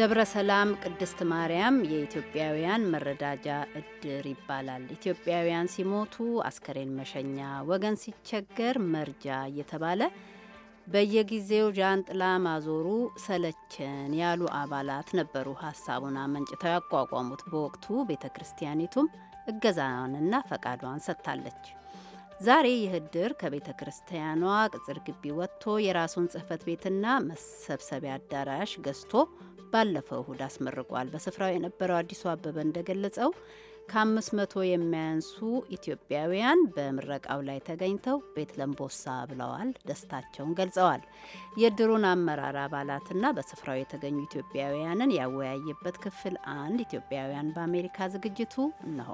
ደብረ ሰላም ቅድስት ማርያም የኢትዮጵያውያን መረዳጃ እድር ይባላል። ኢትዮጵያውያን ሲሞቱ አስከሬን መሸኛ፣ ወገን ሲቸገር መርጃ እየተባለ በየጊዜው ዣንጥላ ማዞሩ ሰለቸን ያሉ አባላት ነበሩ ሀሳቡን አመንጭተው ያቋቋሙት። በወቅቱ ቤተ ክርስቲያኒቱም እገዛዋንና ፈቃዷን ሰጥታለች። ዛሬ ይህ እድር ከቤተ ክርስቲያኗ ቅጽር ግቢ ወጥቶ የራሱን ጽህፈት ቤትና መሰብሰቢያ አዳራሽ ገዝቶ ባለፈው እሁድ አስመርቋል። በስፍራው የነበረው አዲሱ አበበ እንደገለጸው ከአምስት መቶ የሚያንሱ ኢትዮጵያውያን በምረቃው ላይ ተገኝተው ቤት ለምቦሳ ብለዋል፣ ደስታቸውን ገልጸዋል። የድሩን አመራር አባላትና በስፍራው የተገኙ ኢትዮጵያውያንን ያወያየበት ክፍል አንድ ኢትዮጵያውያን በአሜሪካ ዝግጅቱ እነሆ።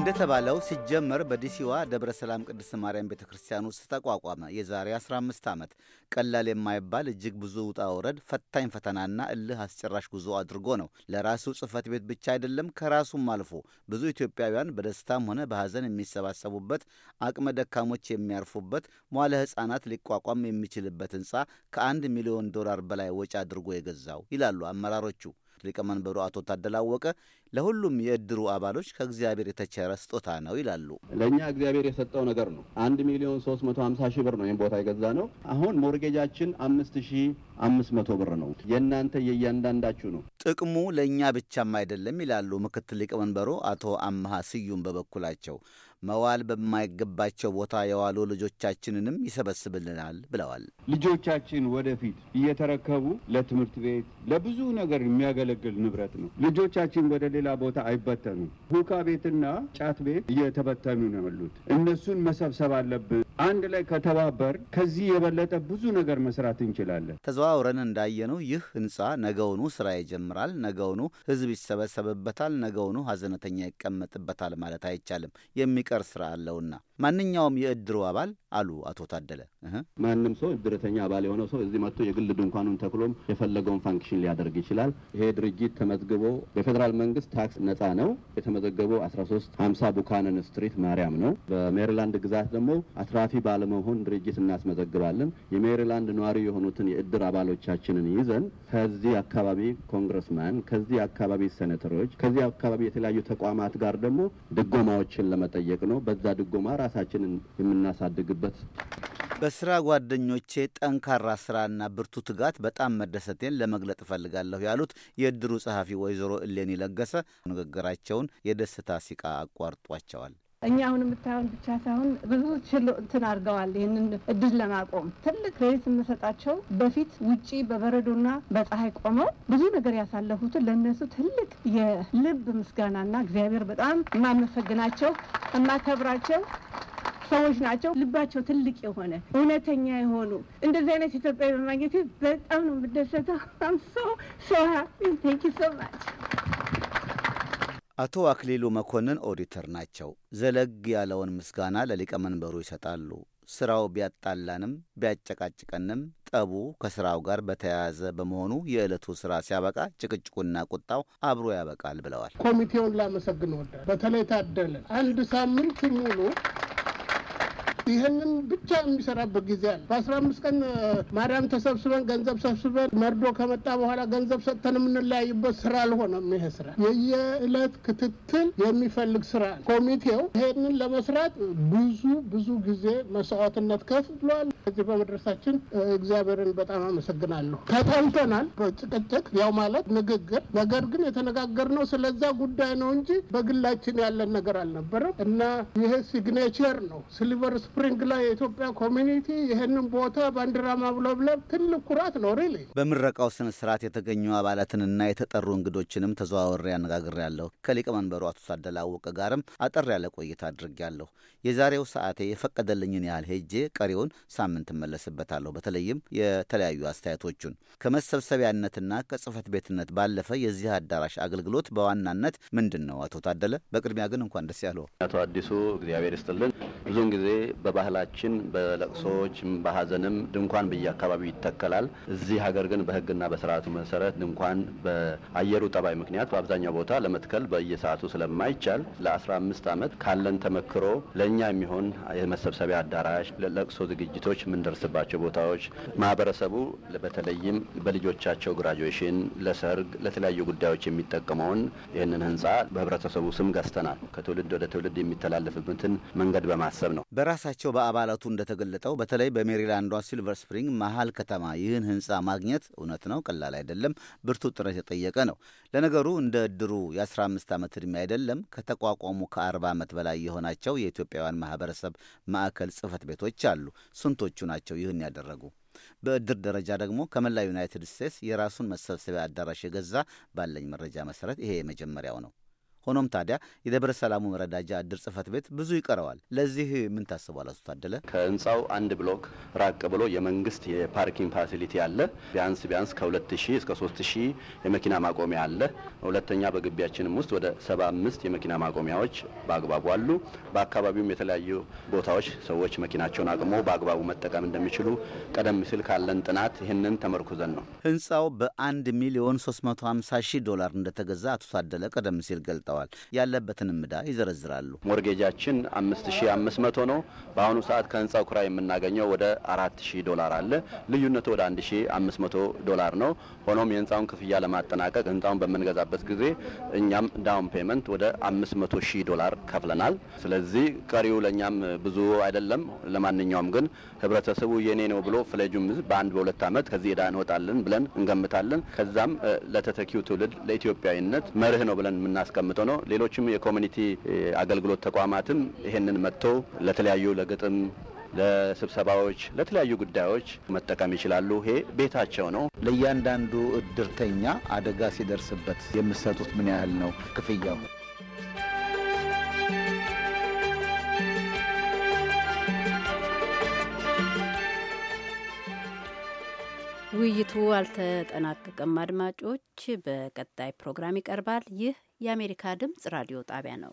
እንደተባለው ሲጀመር በዲሲዋ ደብረ ሰላም ቅድስት ማርያም ቤተ ክርስቲያን ውስጥ ተቋቋመ። የዛሬ 15 ዓመት ቀላል የማይባል እጅግ ብዙ ውጣ ውረድ፣ ፈታኝ ፈተናና እልህ አስጨራሽ ጉዞ አድርጎ ነው ለራሱ ጽህፈት ቤት ብቻ አይደለም፣ ከራሱም አልፎ ብዙ ኢትዮጵያውያን በደስታም ሆነ በሐዘን የሚሰባሰቡበት፣ አቅመ ደካሞች የሚያርፉበት፣ ሟለ ሕፃናት ሊቋቋም የሚችልበት ህንፃ ከአንድ ሚሊዮን ዶላር በላይ ወጪ አድርጎ የገዛው ይላሉ አመራሮቹ። ሊቀመንበሩ አቶ ታደላወቀ ለሁሉም የእድሩ አባሎች ከእግዚአብሔር የተቸረ ስጦታ ነው ይላሉ። ለእኛ እግዚአብሔር የሰጠው ነገር ነው። አንድ ሚሊዮን ሶስት መቶ ሀምሳ ሺህ ብር ነው ይህም ቦታ የገዛ ነው። አሁን ሞርጌጃችን አምስት ሺህ አምስት መቶ ብር ነው። የእናንተ የእያንዳንዳችሁ ነው። ጥቅሙ ለእኛ ብቻም አይደለም ይላሉ ምክትል ሊቀመንበሩ አቶ አመሃ ስዩም በበኩላቸው መዋል በማይገባቸው ቦታ የዋሉ ልጆቻችንንም ይሰበስብልናል ብለዋል። ልጆቻችን ወደፊት እየተረከቡ ለትምህርት ቤት ለብዙ ነገር የሚያገለግል ንብረት ነው። ልጆቻችን ወደ ሌላ ቦታ አይበተኑ ሁካ ቤትና ጫት ቤት እየተበተኑ ነው ያሉት። እነሱን መሰብሰብ አለብን። አንድ ላይ ከተባበር ከዚህ የበለጠ ብዙ ነገር መስራት እንችላለን። ተዘዋውረን እንዳየነው ይህ ህንፃ ነገውኑ ስራ ይጀምራል፣ ነገውኑ ህዝብ ይሰበሰብበታል፣ ነገውኑ ሀዘነተኛ ይቀመጥበታል ማለት አይቻልም። የሚቀር ስራ አለውና ማንኛውም የእድሩ አባል አሉ አቶ ታደለ ማንም ሰው እድርተኛ አባል የሆነው ሰው እዚህ መጥቶ የግል ድንኳኑን ተክሎም የፈለገውን ፋንክሽን ሊያደርግ ይችላል። ይሄ ድርጅት ተመዝግቦ በፌዴራል መንግስት ታክስ ነጻ ነው። የተመዘገበው 1350 ቡካነን ስትሪት ማርያም ነው። በሜሪላንድ ግዛት ደግሞ ኃላፊ ባለመሆን ድርጅት እናስመዘግባለን። የሜሪላንድ ነዋሪ የሆኑትን የእድር አባሎቻችንን ይዘን ከዚህ አካባቢ ኮንግረስማን፣ ከዚህ አካባቢ ሴኔተሮች፣ ከዚህ አካባቢ የተለያዩ ተቋማት ጋር ደግሞ ድጎማዎችን ለመጠየቅ ነው። በዛ ድጎማ ራሳችንን የምናሳድግበት በስራ ጓደኞቼ ጠንካራ ስራና ብርቱ ትጋት በጣም መደሰቴን ለመግለጥ እፈልጋለሁ ያሉት የእድሩ ጸሐፊ ወይዘሮ እሌኒ ለገሰ ንግግራቸውን የደስታ ሲቃ አቋርጧቸዋል። እኛ አሁን የምታየውን ብቻ ሳይሆን ብዙ ችሎ እንትን አድርገዋል። ይህንን እድል ለማቆም ትልቅ ክሬት የምሰጣቸው በፊት ውጪ በበረዶና በፀሐይ ቆመው ብዙ ነገር ያሳለፉትን ለእነሱ ትልቅ የልብ ምስጋናና እግዚአብሔር በጣም የማመሰግናቸው የማከብራቸው ሰዎች ናቸው። ልባቸው ትልቅ የሆነ እውነተኛ የሆኑ እንደዚህ አይነት ኢትዮጵያ በማግኘት በጣም ነው የምደሰተው። ሶ ሶ ቴንክ ዩ ሶ ማች አቶ አክሊሉ መኮንን ኦዲተር ናቸው። ዘለግ ያለውን ምስጋና ለሊቀመንበሩ ይሰጣሉ። ስራው ቢያጣላንም ቢያጨቃጭቀንም ጠቡ ከስራው ጋር በተያያዘ በመሆኑ የዕለቱ ስራ ሲያበቃ ጭቅጭቁና ቁጣው አብሮ ያበቃል ብለዋል። ኮሚቴውን ላመሰግን ወዳል። በተለይ ታደለ አንድ ሳምንት ሙሉ ይህንን ብቻ የሚሰራበት ጊዜ አለ። በአስራ አምስት ቀን ማዳም ተሰብስበን ገንዘብ ሰብስበን መርዶ ከመጣ በኋላ ገንዘብ ሰጥተን የምንለያይበት ስራ አልሆነም። ይሄ ስራ የየዕለት ክትትል የሚፈልግ ስራ ነው። ኮሚቴው ይሄንን ለመስራት ብዙ ብዙ ጊዜ መስዋዕትነት ብሏል። እዚህ በመድረሳችን እግዚአብሔርን በጣም አመሰግናለሁ። ተጣልተናል በጭቅጭቅ ያው ማለት ንግግር፣ ነገር ግን የተነጋገርነው ስለዛ ጉዳይ ነው እንጂ በግላችን ያለን ነገር አልነበረም እና ይሄ ሲግኔቸር ነው ሲልቨር ስፕሪንግ ላይ የኢትዮጵያ ኮሚኒቲ ይህንን ቦታ ባንዲራ ማብለብለብ ትልቅ ኩራት ነው። ሪሊ በምረቃው ስነ ስርዓት የተገኙ አባላትንና የተጠሩ እንግዶችንም ተዘዋወሬ አነጋግሬያለሁ። ከሊቀመንበሩ አቶ ሳደላ አወቀ ጋርም አጠር ያለ ቆይታ አድርጌያለሁ። የዛሬው ሰዓቴ የፈቀደልኝን ያህል ሄጄ ቀሪውን ሳምንት እመለስበታለሁ። በተለይም የተለያዩ አስተያየቶቹን ከመሰብሰቢያነትና ከጽህፈት ቤትነት ባለፈ የዚህ አዳራሽ አገልግሎት በዋናነት ምንድን ነው? አቶ ታደለ፣ በቅድሚያ ግን እንኳን ደስ ያለው። አቶ አዲሱ እግዚአብሔር ይስጥልን። ብዙውን ጊዜ በባህላችን በለቅሶዎችም በሀዘንም ድንኳን በየአካባቢው ይተከላል። እዚህ ሀገር ግን በህግና በስርዓቱ መሰረት ድንኳን በአየሩ ጠባይ ምክንያት በአብዛኛው ቦታ ለመትከል በየሰዓቱ ስለማይቻል ለ15 ዓመት ካለን ተመክሮ ለእኛ የሚሆን የመሰብሰቢያ አዳራሽ፣ ለለቅሶ ዝግጅቶች የምንደርስባቸው ቦታዎች ማህበረሰቡ በተለይም በልጆቻቸው ግራጁዌሽን፣ ለሰርግ፣ ለተለያዩ ጉዳዮች የሚጠቀመውን ይህንን ህንፃ በህብረተሰቡ ስም ገዝተናል። ከትውልድ ወደ ትውልድ የሚተላለፍበትን መንገድ በማሰብ ነው። በራሳቸው በአባላቱ እንደተገለጠው በተለይ በሜሪላንዷ ሲልቨር ስፕሪንግ መሀል ከተማ ይህን ህንፃ ማግኘት እውነት ነው ቀላል አይደለም፣ ብርቱ ጥረት የጠየቀ ነው። ለነገሩ እንደ እድሩ የ15 ዓመት ዕድሜ አይደለም ከተቋቋሙ ከ40 ዓመት በላይ የሆናቸው የኢትዮጵያውያን ማህበረሰብ ማዕከል ጽህፈት ቤቶች አሉ። ስንቶቹ ናቸው ይህን ያደረጉ? በእድር ደረጃ ደግሞ ከመላ ዩናይትድ ስቴትስ የራሱን መሰብሰቢያ አዳራሽ የገዛ ባለኝ መረጃ መሰረት ይሄ የመጀመሪያው ነው። ሆኖም ታዲያ የደብረ ሰላሙ መረዳጃ እድር ጽህፈት ቤት ብዙ ይቀረዋል። ለዚህ ምን ታስቧል? አቶ ታደለ፣ ከህንፃው አንድ ብሎክ ራቅ ብሎ የመንግስት የፓርኪንግ ፋሲሊቲ አለ። ቢያንስ ቢያንስ ከ2000 እስከ 3000 የመኪና ማቆሚያ አለ። ሁለተኛ በግቢያችንም ውስጥ ወደ 75 የመኪና ማቆሚያዎች በአግባቡ አሉ። በአካባቢውም የተለያዩ ቦታዎች ሰዎች መኪናቸውን አቅሞ በአግባቡ መጠቀም እንደሚችሉ ቀደም ሲል ካለን ጥናት ይህንን ተመርኩዘን ነው። ህንፃው በ1 ሚሊዮን 350 ሺህ ዶላር እንደተገዛ አቶ ታደለ ቀደም ሲል ገልጠ ይሰጠዋል። ያለበትንም ዕዳ ይዘረዝራሉ። ሞርጌጃችን አምስት ሺ አምስት መቶ ነው። በአሁኑ ሰዓት ከህንፃው ኩራ የምናገኘው ወደ አራት ሺ ዶላር አለ። ልዩነቱ ወደ አንድ ሺ አምስት መቶ ዶላር ነው። ሆኖም የህንፃውን ክፍያ ለማጠናቀቅ ህንፃውን በምንገዛበት ጊዜ እኛም ዳውን ፔመንት ወደ አምስት መቶ ሺ ዶላር ከፍለናል። ስለዚህ ቀሪው ለእኛም ብዙ አይደለም። ለማንኛውም ግን ህብረተሰቡ የኔ ነው ብሎ ፍለጁም በአንድ በሁለት ዓመት ከዚህ ዕዳ እንወጣለን ብለን እንገምታለን። ከዛም ለተተኪው ትውልድ ለኢትዮጵያዊነት መርህ ነው ብለን የምናስቀምጠው እየተሰጠ ነው። ሌሎችም የኮሚኒቲ አገልግሎት ተቋማትም ይህንን መጥተው ለተለያዩ ለግጥም ለስብሰባዎች ለተለያዩ ጉዳዮች መጠቀም ይችላሉ። ይሄ ቤታቸው ነው። ለእያንዳንዱ እድርተኛ አደጋ ሲደርስበት የምትሰጡት ምን ያህል ነው ክፍያው? ውይይቱ አልተጠናቀቀም። አድማጮች፣ በቀጣይ ፕሮግራም ይቀርባል። ይህ የአሜሪካ ድምጽ ራዲዮ ጣቢያ ነው።